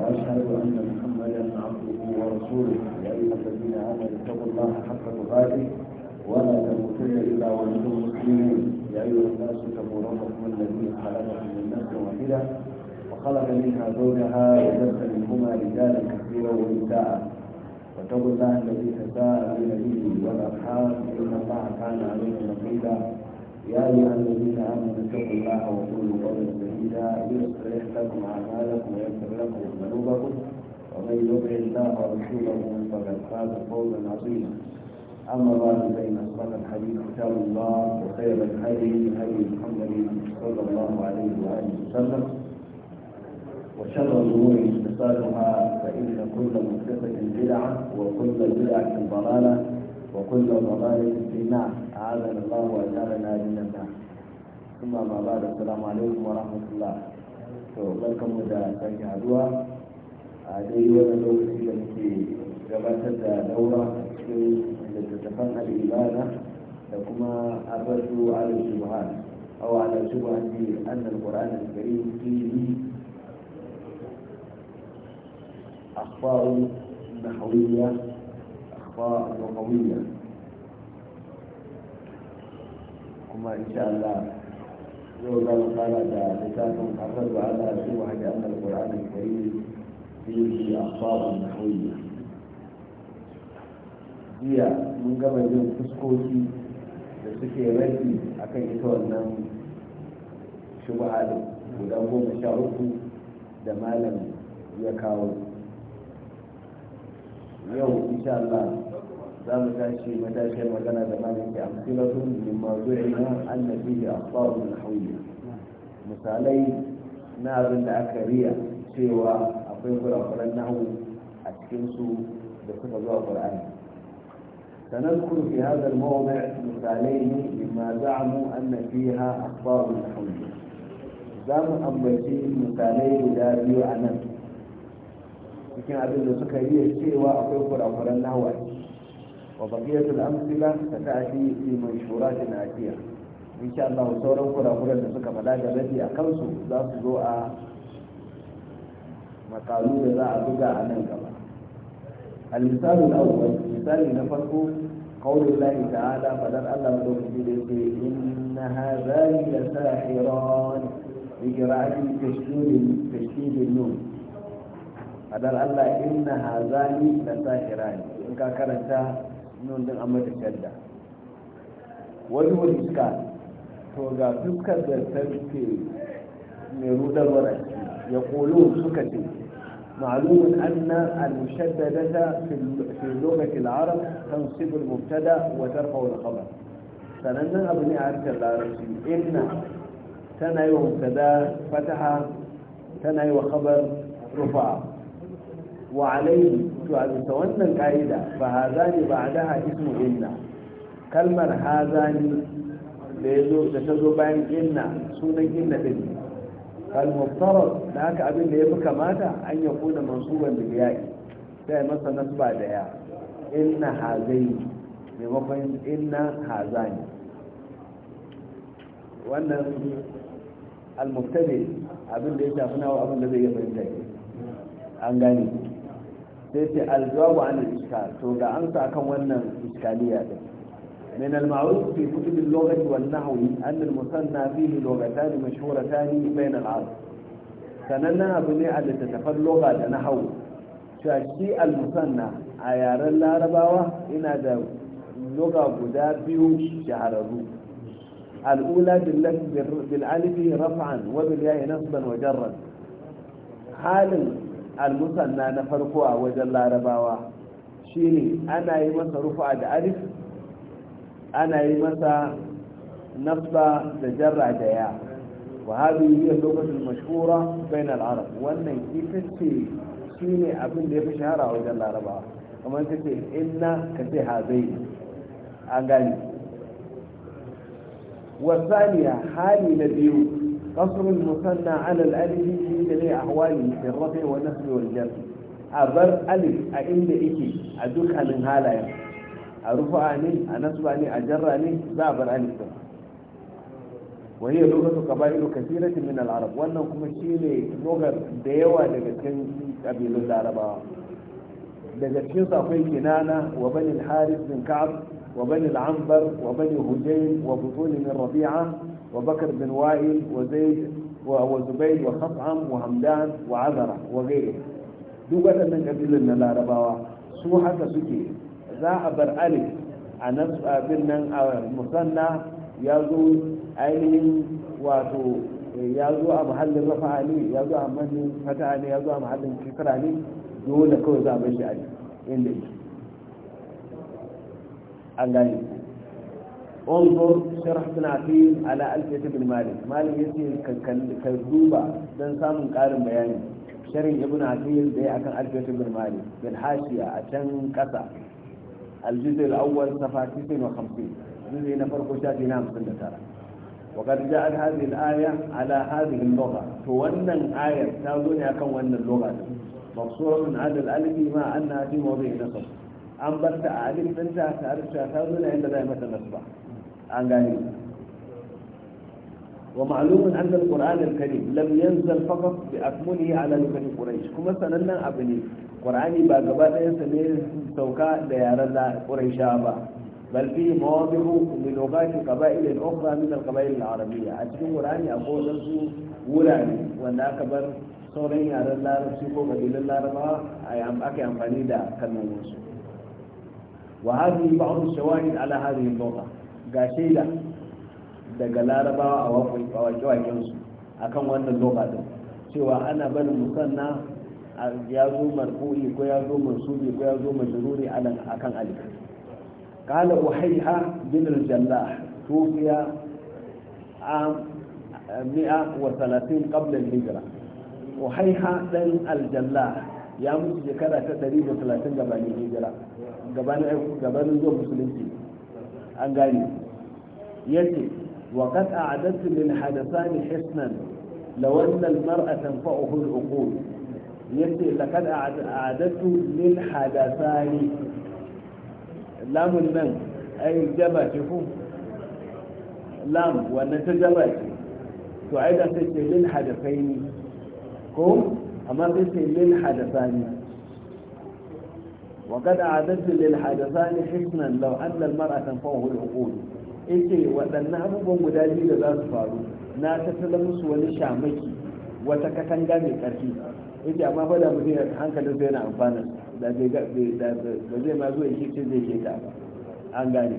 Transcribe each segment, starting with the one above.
وأشهد أن محمدا عبده ورسوله يا أيها الذين آمنوا اتقوا الله حق تقاته ولا تموتن إلا وأنتم مسلمون يا أيها الناس اتقوا ربكم الذي خلقكم من نفس واحدة وخلق منها زوجها وجد منهما رجالا كثيرا ونساء واتقوا الله الذي تساءلون به والأرحام إن الله كان عليكم رقيبا يا أيها الذين آمنوا اتقوا الله وقولوا قولا سديدا يصلح لكم أعمالكم من فقد فاز فوزا عظيما أما بعد فإن أصدق الحديث كتاب الله وخير الهدي هدي محمد صلى الله عليه وآله وسلم وشر الأمور محدثاتها فإن كل محدثة بدعة وكل بدعة ضلالة وكل ضلالة في النار أعاذنا الله وأجعلنا من النار ثم ما بعد السلام عليكم ورحمة الله. To, barkanmu da sake a dai wannan lokaci da muke gabatar da daura a cikin littattafan al'ibada da kuma abadu ala shubhan aw ala shubhan bi anna al-qur'an al-karim fihi akhbar nahwiyya akhbar lughawiyya kuma insha Allah yau za mu fara da littafin abadu ala shubhan bi anna al-qur'an al-karim fihi jiya mun gama yin fuskoki da suke rabi akan ita wannan shubha da guda goma sha uku da malam ya kawo yau insha Allah za mu tashi matashiyar magana da malam ke amsilatun min mazu'ina annabi da asabun kawiyya misalai na abin da aka riya cewa akwai kurakuran nahu a cikinsu da suka zuwa qur'ani سنذكر في هذا الموضع مثالين مما زعموا أن فيها أخبار الحمد زعم أبتي مثالين لا يعنى cikin abin da suka yi cewa akwai kurakuran nawa wa baqiyatul amsila ta ta'ti fi manshuratin atiya insha Allah sauran kurakuran da suka fada da rabi a kansu za su zo a makalu da za a buga a nan gaba al misali na farko قول الله تعالى فلن ألم تخبرك إن هذان لساحران بقراءة تشديد تشديد النون فلن ألا إن هذان لساحران إن كانت نون دين أمة الشدة وجه الإشكال توقع تذكر تذكر ميرودة يقولون سكتي معلوم أن المشددة في لغة العرب تنصب المبتدا وترفع الخبر فلن أبني عرك العربي إن تنعي مبتدا فتح تنعي وخبر رفع وعليه تعد تولى القاعدة فهذان بعدها اسم إن كلمة هذان لذو تشذبان إن سنة إن بالنسبة kalmuftarar da haka abin da ya fi kamata an ya kuna mansuban da ya yi sai masa nasba da ya inna hazai maimakon inna hazani wannan almuftabe abin da ya shafi nawa abin da zai yi fahimta an gani sai ce aljawabu an iska to ga an sa kan wannan iskaliya din من المعروف في كتب اللغة والنحو أن المثنى فيه لغتان مشهورتان بين العرب سننا بني على تتفل لغة نحو شاشي المثنى عيار العرباوة إن دو لغة قدا بيو شهربو الأولى بالألف رفعا وبالياء نصبا وجرا حال المثنى نفرقها وجل العرباوة شيني أنا يمس رفع الألف ana yi masa nasba da jarra da ya wa hadu lokacin mashhura bain al wannan ita ce shine abin da ya fi shahara a wajen laraba kamar ta ce inna ka ce hazai an gani wasaniya hali na biyu قصر المثنى a الألف da جميع أحواله في الرفع والنصب a bar alif a inda أدوك a dukkanin halayen. a rufa ne a nasba ne a jarra ne za a bar alif din wani ya lokacin kaba'ilu kasiratin min al'arab wannan kuma shi ne logar da yawa daga cikin ƙabilun larabawa daga cikin su akwai kinana wa bani haris bin ka'ab wa bani al wa bani hujayn wa butun min rabi'a wa bakar bin wa'il wa zaid wa wa wa khat'am wa hamdan wa azara wa ghayri duk waɗannan ƙabilun na larabawa su haka suke za a bar alif a nasu abin nan a musanna ya zo ainihin wato eh, ya zo a mahallin rafa ne ya zo a mahallin fata ne ya zo a mahallin kikira ne dole kawai za a bar shi alif inda yake an gane انظر شرح ابن عقيل على ألفية بن مالك مالك يسير كذوبة دان سامن قارن بياني شرح ابن عقيل دي أكن ألفية بن مالك بالحاشية can كسا الجزء الأول صفحة 59 الجزء نفرق شافي نام سنة ترى وقد جاءت هذه الآية على هذه اللغة تولى آية تاظن أكون أن اللغة مقصورة على الألف مع أنها في موضع نصب أن بس ألف أنت تعرف تاظن عند دائمة النصب عن قليل ومعلوم أن القرآن الكريم لم ينزل فقط بأكمله على لسان قريش كما سننا أبني qur'ani ba gaba ɗayansa ne sauka da yaren na quraisha ba bal fi mawadihu min lughati qaba'il al-ukhra min a cikin qur'ani akwai wadansu wurare wanda aka bar sauran yaren larabci ko kabilan larabawa aka yi amfani da kalmominsu wa ba ba'd shawahid ala hadhihi al-lugha ga shaida daga larabawa a waƙe-waƙen su akan wannan lugha din cewa ana barin musanna ya zo marfu'i ko ya zo mansubi ko ya zo majruri anan akan alif qala uhayha bin al-jallah tufiya am 130 qabla al-hijra uhayha dan al-jallah ya mutu shekara ta 130 gabanin hijira gabanin gabanin zuwa musulunci an gane yace وقد hisnan للحدثان حسنا لو أن المرأة تنفعه العقول yace laqad a'adatu lil hadathani lamun nan ai jaba ce lam wannan ta jaba ce to ai da sai ce lil hadathani ko amma sai ce lil hadathani وقد أعددت للحدثان حسنا لو أن المرأة تنفعه العقول إيه وأن da za su faru na tattala musu wani shamaki wata katanga mai ƙarfi yake amma fa da mutum hankalin sa yana amfana da zai ma zuwa shi ce zai ke ta an gane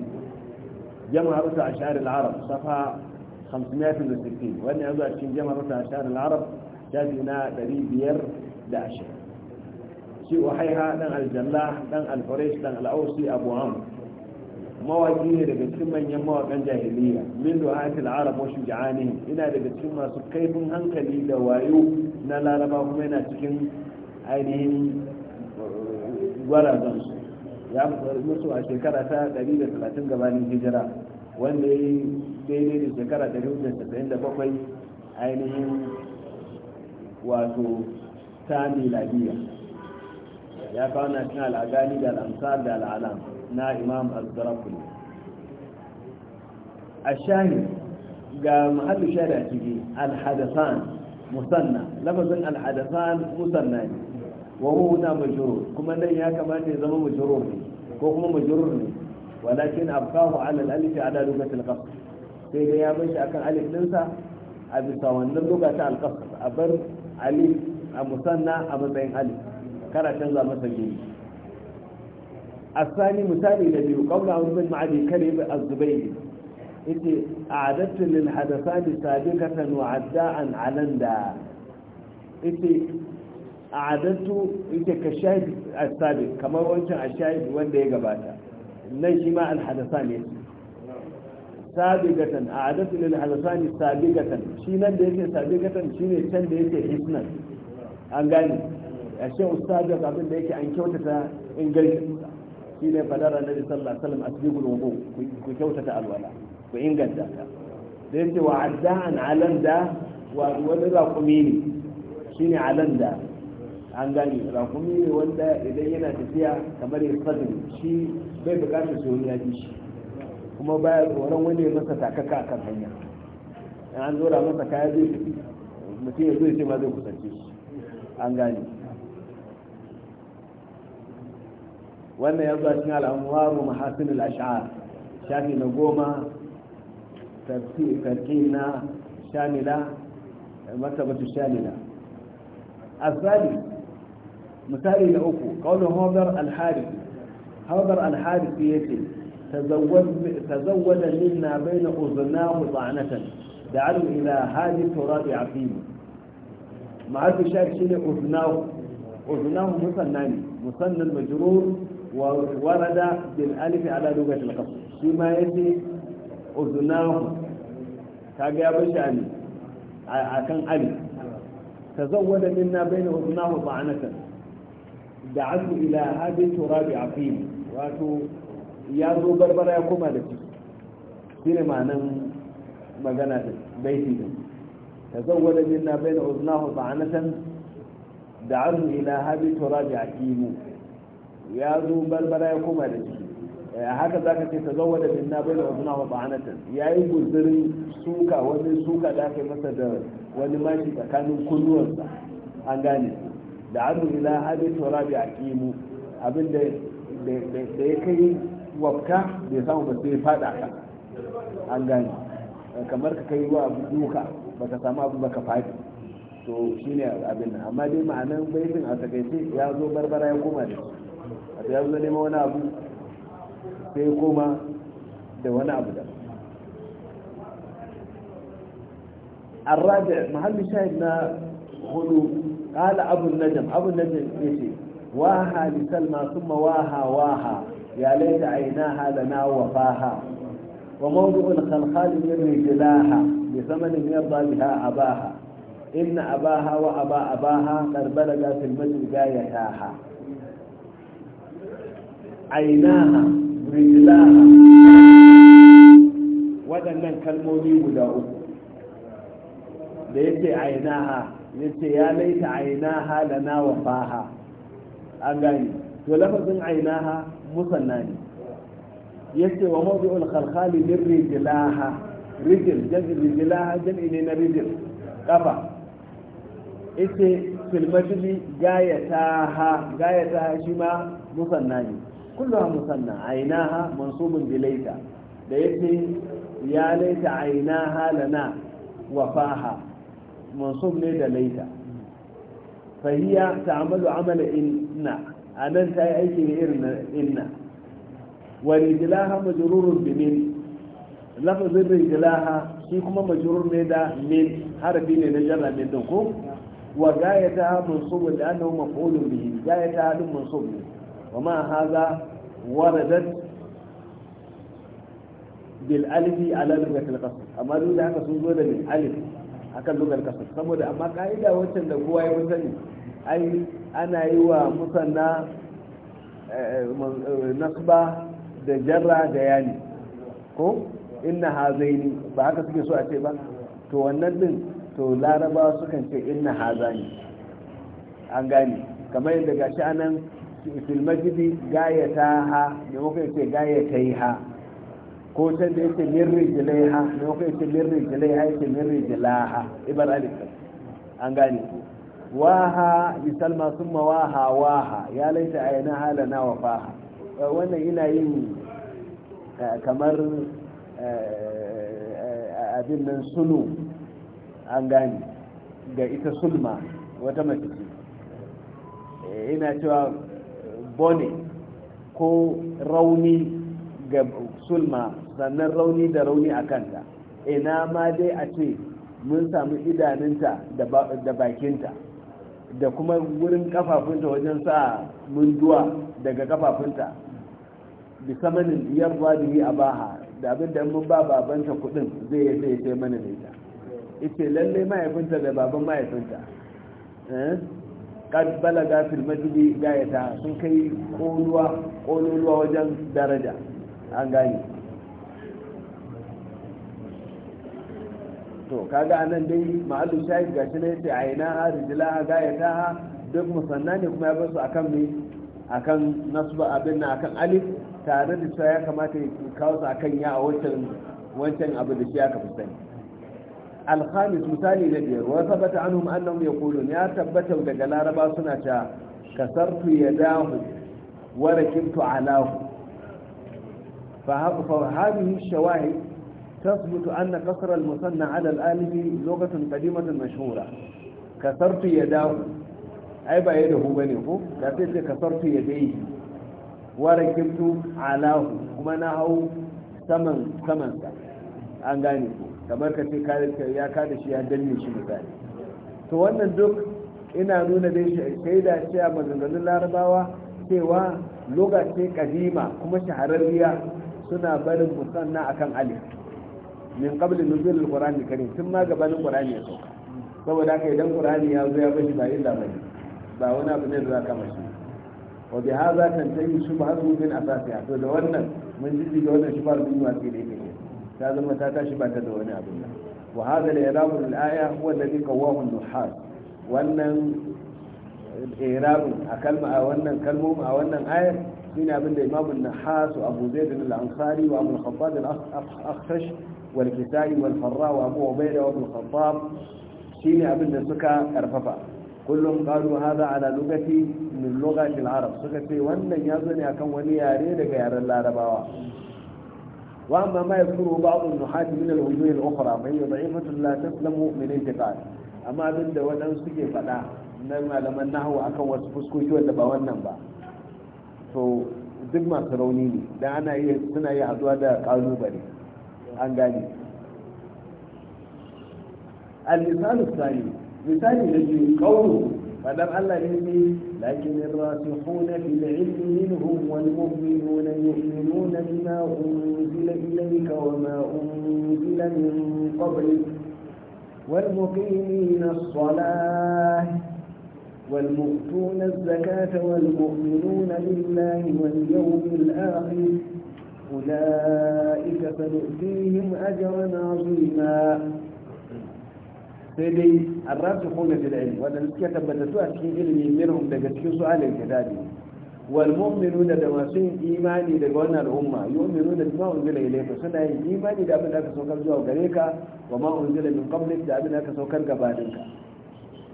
jama'a rusa a shahar al'arab safa 560 wannan ya a cikin jama'a rusa a shahar al'arab shafi na 520 shi wahaiha dan aljallah dan al dan al-ausi abu amr mawaki ne daga cikin manyan mawakan jahiliya min du'atil arab wa shuja'anihim ina daga cikin masu kaifin hankali da wayo na laraba kuma yana cikin ainihin uh, su ya mutu a shekara ta 130 gabanin hijira wanda ya yi daidai da shekara 197 ainihin wato ta miladiya ya kawo na cikin al'agani da al'amsar da al'alam na imam al zarafuli a shahi ga mahallu shaida ciki al-hadasan musanna lafazin alhadasan musanna ne wa huna majrur kuma nan ya kamata ya zama majrur ne ko kuma majrur ne walakin abqahu ala al-alif ala al qasr sai dai ya bashi akan alif sa a bisa wannan lugata al-qasr a bar alif a musanna a matsayin alif kana canza masa gini الثاني مثالي الذي يقول عن ابن معدي كريم الزبيدي yake a'adattu lil hadathani sabiqatan wa alanda yake yake ka shahid kamar wancan ash wanda ya gabata nan shi ma al-hadathani sabiqatan a'adattu lil hadathani sabiqatan shi nan da yake sabiqatan shine can da yake hisnan an gane ashe ustadin abin da yake an kyautata inganci shine fadar annabi sallallahu alaihi wasallam asbiqul wudu ku kyautata alwala ku inganta ta sai ce wa addan alanda wa wani rakumi ne an rakumi ne wanda idan yana tafiya kamar ya fadin shi bai bukatar su wani yaji shi kuma baya tsoron wani ya masa takaka hanya an zora masa kaya zai mutum ya zo ce ma zai kusance shi an gane wannan ya zo cikin al'amuwa mahasinul ash'ar shafi na goma تركينا شاملة مرتبة شاملة الثاني مثالي لأكو قوله هوبر الحارثي هوبر في يتي تزوج تزوج منا بين أذناه طعنة دعوا إلى هذه التراب عظيم ما في شاك شنو أذناه أذناه مصنن مصنن مجرور وورد بالالف على لغة القصر فيما يتي uzunahu ta ga ya bashi ali a kan ali ta zawwada minna bayna uzunahu ba'anatan da'atu ila hadin turabi afim wato ya zo barbara ya koma da ciki shine ma'anan magana da baiti din ta zawwada minna bayna uzunahu ba'anatan da'atu ila hadin turabi afim ya zo barbara ya koma da ciki haka za ka ce ta zo wadda minna bai da wasu wa ba'anatan ya yi guzirin suka wani suka da aka yi masa da wani mashi tsakanin kunnuwansa an gane da hannu ila hadin bi a kimu abin da ya kai wafka bai samu ba sai fada ka an gane kamar ka kai wa duka ba ka samu abu ka fadi to shine abin nan amma dai ma'anan baitin a takaice ya zo barbara ya koma da shi ya zo neman wani abu sai koma da wani abu da arabi mahalli shahid na hudu kala abun najam abun najam ya ce waha li salma summa waha waha ya laita aina da na ha wa mawdu'un khalqalin yarni jilaha bi zamanin yarda biha abaha inna abaha wa aba abaha qad balaga fil majlis ga aina waɗannan kalmomi guda uku da yake ainaha yace ya laita ainaha da wa faha an gani to lafazin ainaha musanna ne yace wa mawdi'ul khalkhali ha rijlaha rijl jam'i ha jam'i ne na rijil kafa yace gayata ha gayata ha shi ma musanna ne كلها مثنى عيناها منصوب بليت ليتني يا ليت عيناها لنا وفاها a nan ليت فهي تعمل عمل irin أنا تاي أيكي إن ورجلاها مجرور بمن lafazin rigilaha shi kuma majurur ne da min harfi ne na jarra min ko wa gayata mansubun da annahu maf'ulun bihi gayata din mansub ne وما هذا وردت بالالف على لغه القصر اما duk da haka sun zo da min alif akan lugar kasar saboda amma ka'ida waccan da kowa ya sani ai ana yi wa musanna nasba da jarra da yani ko inna hazaini ba haka suke so a ce ba to wannan din to larabawa sukan ce inna hazani an gane kamar yadda gashi anan fil majidi gayataha ne muka yace gayataiha ko can da yace min rijlaiha ne muka yace min rijlaiha yace min ha, ibar alif an gane ku waha bi salma summa waha waha ya laita ayna halana wa faha eh, wannan ina yin eh, kamar eh, abin nan sulu an gane ga ita sulma wata mace ina cewa bone ko rauni ga sulma sannan rauni da rauni a kanta ina ma dai a ce mun samu idanunta da bakinta da kuma wurin kafafunta wajen sa munduwa daga kafafunta bisamanin yarwa da yi a baha da abin da mun ba babanta kudin zai yi sai sai mana da ita ita lallai mahaifinta da baban mahaifinta eh? kad balaga fil gayata sun kai koluwa wajen daraja an gani to kaga anan dai ma'alu shayi ga shi ne yace aina ha gayata ha duk musanna ne kuma ya basu akan me akan nasba abin na akan alif tare da cewa ya kamata ya kawo su akan ya a wancan wancan abu da shi aka fi sani alhamis misali na biyar wa sabata anhum annahum yaqulun ya tabbata daga laraba suna ta kasartu yadahu wa rakibtu alahu fa hadhihi shawahid تثبت أن كسر المثنى على الآلف لغة قديمة مشهورة كسرت يداه أي با يده بنيه كسرت alahu. Kuma na hau saman نهو an gane أنغانيه kamar ka ce ka ya kada shi ya danne shi misali to wannan duk ina nuna dai shaida ce a maganganun larabawa cewa loga ce kadima kuma shahararriya suna barin musanna akan alif min qabli nuzul alqur'ani karim tun ma gabanin qur'ani ya sauka saboda haka idan qur'ani ya zo ya bashi ba illa bane ba wani abu ne da za ka mashi wa bi hadha tantahi shubhatu min asasiha to da wannan mun ji da wannan shubhar duniya ce da yake ta zama ta tashi ba ta da wani abin nan wa hadha al-i'rab al-aya huwa alladhi qawwahu an-nuhas wannan i'rabun a kalma a wannan kalmomi a wannan aya shine abin da imamu an-nuhas wa abu zaid al-ansari wa abu al-khattab al-akhfash wal kitai wal farra wa abu ubayda wa abu al-khattab shine abin da suka karfafa kullum qalu hadha ala lugati min lughati al-arab suka ce wannan yazo ne akan wani yare daga yaren larabawa وأما ما يذكره بعض النحات من الوجوه الأخرى فهي ضعيفة لا تسلم من انتقاد أما أبدا ودن سكي فلا نما لما نهو أكن وسفسكو يوى دبا ba. to duk masu rauni ne da ana iya suna iya haduwa da kalubale an gane al-misalu misali da ke kawo فلم ألا علمي لكن الراسخون في العلم منهم والمؤمنون يؤمنون بما أنزل إليك وما أنزل من قبلك والمقيمين الصلاة والمؤتون الزكاة والمؤمنون بالله واليوم الآخر أولئك سنؤتيهم أجرا عظيما sai dai arrasu kuna fil ilmi wanda suke tabbatattu a cikin ilimi minhum daga cikin su alil kitabi wal mu'minuna da masu yin imani daga wannan al'umma yu'minuna bima unzila ilayka suna yin imani da abin da aka saukar zuwa gare ka wa ma unzila min qablik da abin da aka saukar gabanin ka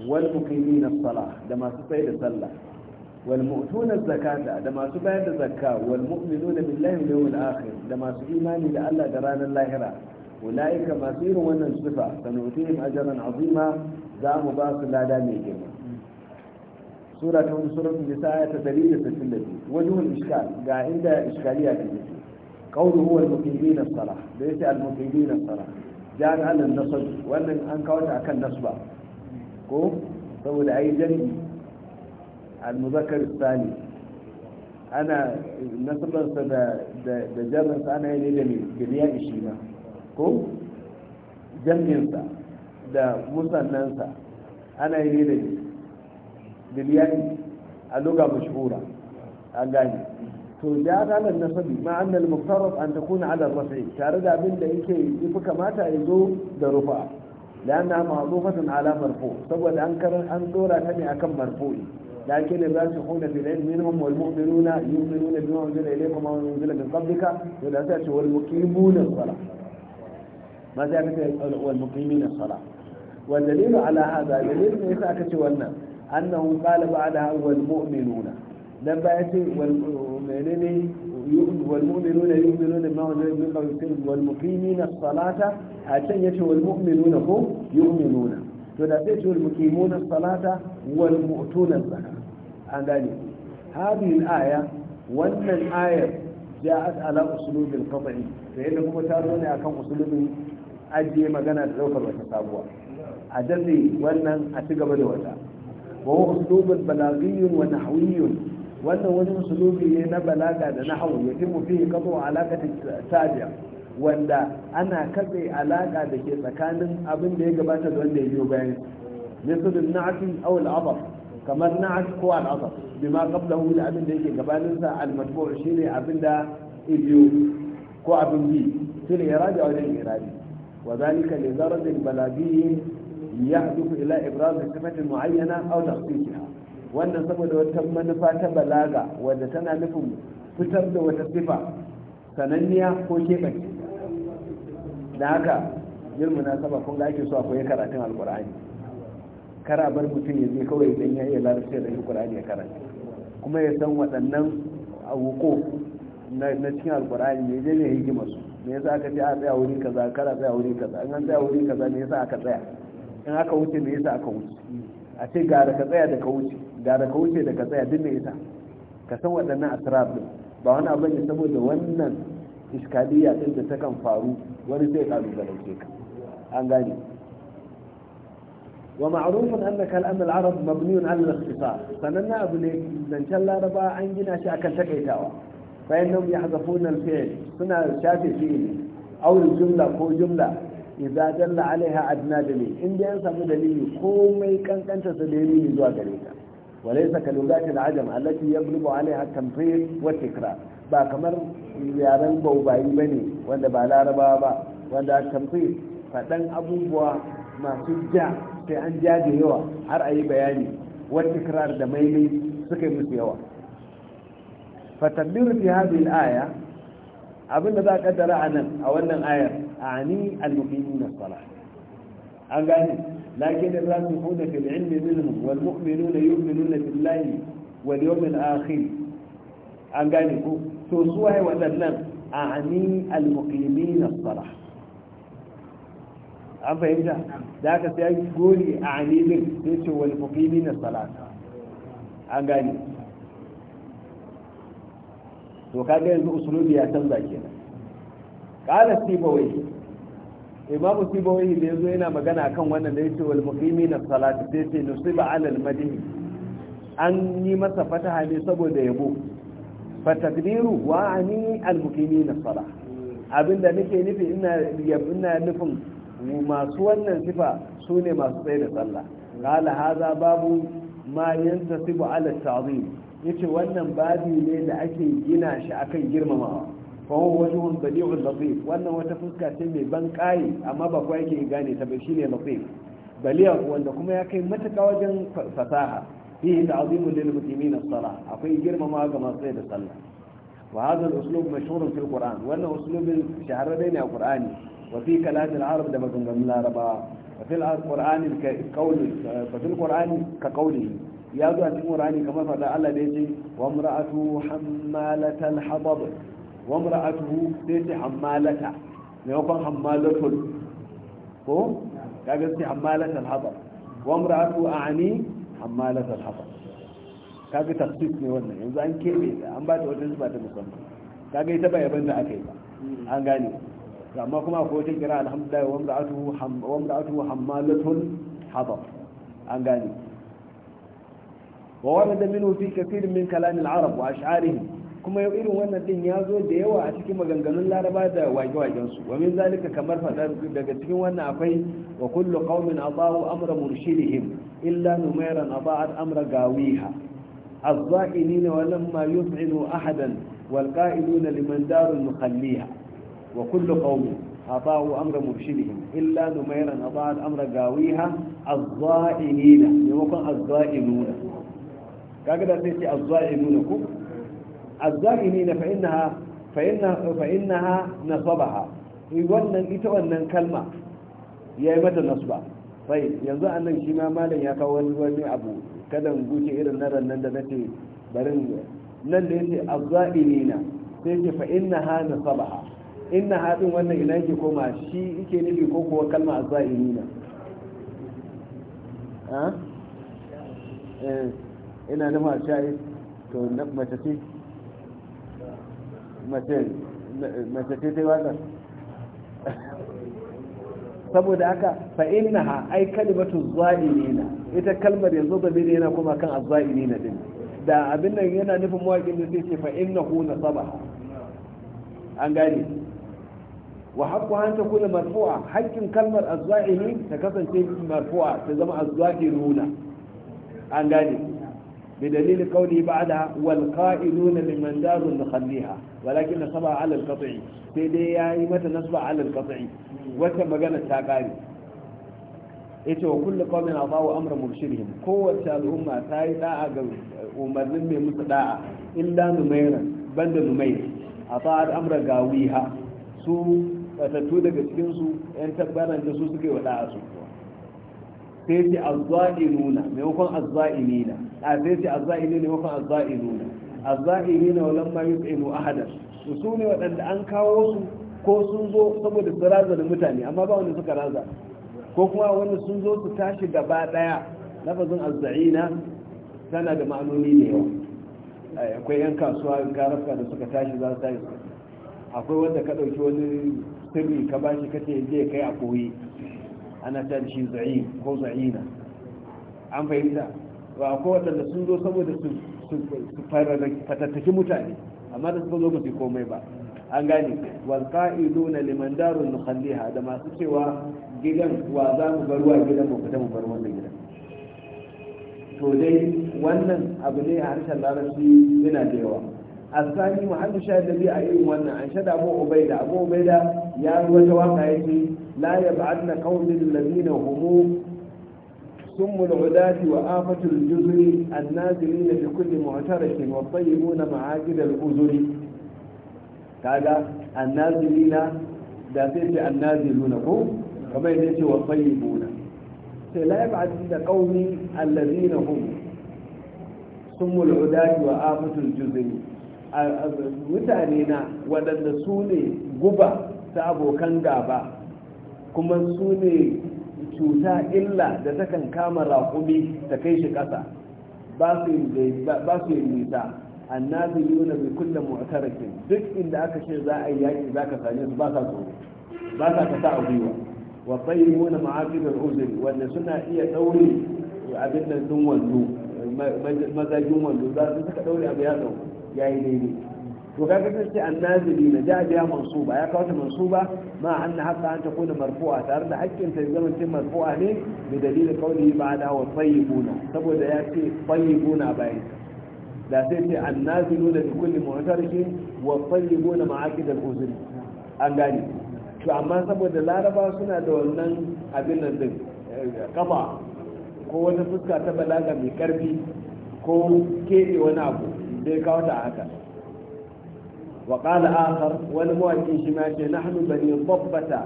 wal muqimina as-salah da masu tsaya da sallah wal mu'tuna zakata da masu bayar da zakka wal da billahi wal yawmil akhir da masu imani da Allah da ranar lahira أولئك ما سيروا وأن الصفة سنعطيهم أجرا عظيما ذا باص لا دام يجمع سورة سورة النساء تدليل آية في وجه الإشكال قاع عند إشكالية كبيرة قوله هو المقيمين الصلاة ليس المقيمين الصلاة جاء على النصب وأن أنكوت عكا نصبا كو فهو العيدن المذكر الثاني أنا نصبا ده جرس أنا يلي جميل جميع الشيمة ko jaminsa da musannansa ana yi da biliyani a luga mashhura a gane to da ranar nasabi ma'an al-muftarraf an takuna ala rafi tare da abin da yake fi kamata ya zo da rufa لأنها معروفة على مرفوع سوى الأنكر أن دورا تمي أكم مرفوع لكن الراسخون في العلم منهم والمؤمنون يؤمنون بما أنزل إليكم وما أنزل من قبلك والأساس والمقيمون الصلاة ma sai aka ce wal muqimina sala wal dalilu ala hada dalilin ne yasa aka ce wannan annahu qala ba'da wal mu'minuna dan ba ya ce wal menene wal mu'minuna yu'minuna ma wa min qawlihim wal muqimina salata a can yace wal mu'minuna ko yu'minuna to da sai ce wal muqimuna salata wal mu'tuna zakat an gane hadhihi al aya wannan ayar ja'at ala usulul qat'i to yadda kuma ta zo ne akan usulul ajiye magana da daukar wata sabuwa a dalle wannan a ci gaba da wata wa huwa uslubun balagiyyun wa nahawiyyun wannan wani uslubi ne na balaga da nahwu yajibu fihi qat'u alaqati tabi'a wanda ana katse alaƙa da ke tsakanin abin da ya gabata da wanda ya biyo bayan misalin na'ati aw al'adab kamar na'at ko al'adab bima qablahu da abin da yake gabanin sa al-matbu' shine abin da ibiyo ko abin bi shine iradi wajen iradi وذلك لغرض البلاغي يحدث إلى إبراز صفة معينة أو تخصيصها وأن سبب وتم نفاة بلاغة وذاتنا نفهم فتر وتصفة sananniya ko keɓance da haka girma na saba ake so akwai karatun alkur'ani kara bar mutum ya je kawai idan ya iya larabci da shi qur'ani ya karanta kuma ya san waɗannan awuko na cikin alkur'ani ya je ne hikima su me yasa aka ce a tsaya wuri kaza kar a tsaya wuri kaza in an tsaya wuri kaza me yasa aka tsaya in aka wuce me yasa aka wuce a ce ga da ka tsaya da ka wuce ga da ka wuce da ka tsaya duk me yasa ka san waɗannan asirar din ba wani abu ne saboda wannan iskaliya din da ta kan faru wani zai da lauke ka an gane ومعروف أن كلام arab مبني ala al-ikhtisar أبني من شاء الله ربا an gina shi akan takaitawa فإنهم يحذفون الفعل هنا شافي فيه أو الجملة كو جملة إذا دل عليها أدنى دليل إن دي أنسى دليل قومي كان كانت سدليل زوا دليلها وليس كلغات العجم التي يغلب عليها التمطير والتكرار باكمر يارن yaren baubayi ba ne wanda ba larabawa ba wanda a tamfi faɗan abubuwa masu ja sai an ja da yawa har a yi bayani wata kirar فتدبير في هذه الآية أبن ذا قدر عنا أولا آية أعني المقيمين الصلاة أغاني لكن الراسخون في العلم منهم والمؤمنون يؤمنون بالله واليوم الآخر أغاني توسوه وذلا أعني المقيمين الصلاة أم فهمت نعم. ذاك سيقول أعني من يتشو المقيمين الصلاة أغاني to kaga yanzu usulubi ya canza kenan qala sibawi imam sibawi da yazo yana magana akan wannan da yace wal muqimina salati sai ce nusiba ala al madini an yi masa fataha ne saboda yabo fa takdiru wa ani al muqimina salah abinda nake nufi ina nufin masu wannan sifa sune masu tsaye da sallah qala hadha babu ma yantasibu ala ta'zim yace wannan babi ne da ake gina shi akan girmamawa fahon wajihun badi'un latif wannan wata fuska ce mai ban kayi amma ba kuwa yake gane ta bai shine latif baliya wanda kuma ya kai matuka wajen fasaha da ta'zimun lil muslimin as-salah akwai girmamawa ga masu da sallah wa hadha al-uslub mashhurun fil qur'an wannan uslubin shahararre ne a qur'ani wa fi kalam al-arab da maganganun larabawa wa fil qur'ani ka qawli fa fil qur'ani ka qawlihi ya zuwa cikin Qur'ani kamar fada Allah da ce wa mar'atu hammalatal hatab wa mar'atuhu sai ce hammalata ne ko hammalatul ko kaga sai hammalatal hatab wa mar'atu a'ni hammalatal hatab kaga tafsir ne wannan yanzu an kebe an ba ta wata zuba ta musamman kaga ita ba yaban da aka yi ba an gane amma kuma ko wata kira alhamdulillah wa mura'atu hammalatul hatab an gane wa warada minhu fi kathir min kalam al-arab wa kuma yau irin wannan din ya zo da yawa a cikin maganganun laraba da wage-wagen su wa min zalika kamar fadar daga cikin wannan akwai wa kullu qaumin amra illa numairan amra الظائنين ولما يطعنوا أحدا والقائلون لمن دار مخليها وكل قوم أطاعوا أمر مرشدهم إلا نميرا أطاعت أمر قاويها الظائنين يمكن الظائنون kaga da sai ce az-za'imuna ku az-za'imina fa innaha fa innaha fa innaha nasabaha wannan ita wannan kalma yayi mata nasba sai yanzu annan shi ma malam ya kawo wani wani abu kada mu irin na nan da nace barin nan da yace az-za'imina sai ce fa innaha nasabaha inna hadin wannan ina yake koma shi yake nufi ko kuwa kalma az-za'imina ha eh. ina nufa a shayi to mace ce mace ta yi watsar saboda haka fa ha ai ne na? ita kalmar yanzu da bene yana kuma kan na din da abin nan yana nufin mawaƙin da sai ce fa na saba? an gane wa haqqu hanta kuna marfu'a haƙƙin kalmar ne ta kasance marfu'a ta zama azzaliruna an gane بدليل قوله بعدها والقائلون لمن دار نخليها ولكن نصبها على القطعي سيدي يا متى نصبها على القطعي وكما قالت تاقاري ايش وكل قوم اعطاه امر مرشدهم قوة الامة سايدة ومرمي مصداعة الا نمير بند نمير اعطاء الامر قاويها سو فتتودا قسكنسو ان تبانا جسوسك ولا اسوك سيدي الظائنون ميوكم الظائنين الظائنون a sai ce azza'ili ne mafi azza'ilu ne azza'ili ne wa lamma yus'ilu ahada su ne waɗanda an kawo su ko sun zo saboda su raza da mutane amma ba wanda suka raza ko kuma wanda sun zo su tashi gaba ɗaya lafazin azza'ina tana da ma'anoni da yawa eh, akwai yan kasuwa garafka da suka tashi za su tashi akwai wanda ka ɗauki wani sirri ka bashi kace je kai a koyi ana ta shi za'i ko za'ina an fahimta ba a waɗanda sun zo saboda su fatattaki mutane amma da suka zo ba su komai ba an gane wal na liman darun nukhalliha da masu cewa gidan wa za mu bar wa gidan mu fita mu bar wannan gidan to dai wannan abu ne harshen larabci yana da yawa asani muhammad shahid da a irin wannan an shada abu ubaida abu ubaida ya yi wata waka yake la yab'adna qawmin ladina humu سم العداة وآفة الجزر النازلين بكل معترك والطيبون معاجد الأزر كذا النازلين دافئت النازلون هم كما يدفئ والطيبون لا يبعد عند قومي الذين هم سم العداة وآفة الجزر mutanena waɗanda su ne guba ta abokan gaba kuma su ne cuta illa da takan kama raƙumi ta kai shi ƙasa ba su yi nisa annabi yuna bi kullum mu'tarakin duk inda aka ce za a yi yaƙi za ka same su ba sa tsoro ba sa kasa a gwiwa wa tayyibuna ma'afidul uzri wanda suna iya daure abin nan din wando mazajin wando za su suka daure abu ya dauka yayi daidai to kaga sai annazili na ja biya mansuba ya kawo mansuba ma anna hatta an ta kuna marfu'a tare da haƙƙin ta zama cin marfu'a ne bi dalilin qawlihi ba'da wa tayyibuna saboda ya ce tayyibuna bayan da sai ce annaziluna bi kulli mu'tarikin wa tayyibuna ma'aqid al-uzri an gane to amma saboda laraba suna da wannan abin nan din eh, kafa ko wata fuska ta balaga mai karfi ko keɓe wani abu dai kawo ta haka وقال آخر والمؤكد شماشي نحن بني ضبة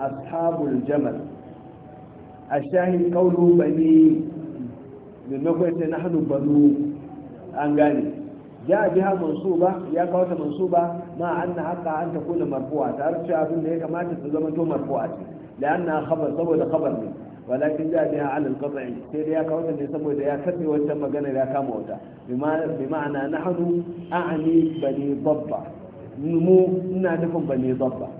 أصحاب الجمل الشاهد قوله بني لنقول نحن بنو أنقاني جاء بها منصوبة يا قوة منصوبة مع أن حقها أن تكون مرفوعة تعرف شعب أنه كما تتزمته مرفوعة لأنها خبر صوت خبر منه walakin ja biha ala alqat'i sai dai ya kawo ne saboda ya kace wancan magana ya kama wata bi ma'ana nahnu a'ni bani dabba mu ina nufin bani dabba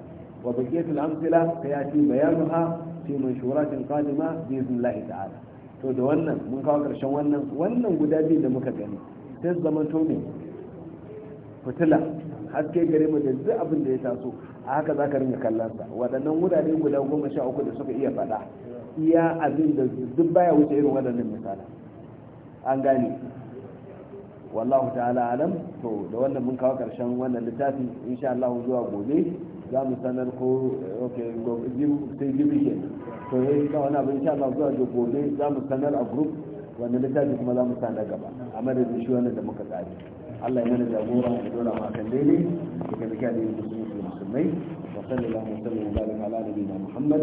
wa baqiyatu al-amthila sayati bayanuha fi manshuratin qadima bi iznillahi ta'ala to da wannan mun kawo karshen wannan wannan guda biyu da muka gani sai zama to ne fitila haske gare mu da duk abin da ya taso a haka za ka ringa kallon sa waɗannan wurare guda goma sha uku da suka iya faɗa iya abin da duk baya wuce irin waɗannan misala an gane wallahu ta'ala alam to da wannan mun kawo karshen wannan littafi insha Allah zuwa gobe za mu sanar ko eh, ok sai gibi ke to yayi eh, ka wani abin insha Allah zuwa gobe za mu sanar a group wannan littafi kuma za mu sanar gaba a madadin shi wannan da muka tsari Allah ya mana jagora da dora ma kan daidai da kan da musulmai wa sallallahu alaihi wa sallam ala nabiyina Muhammad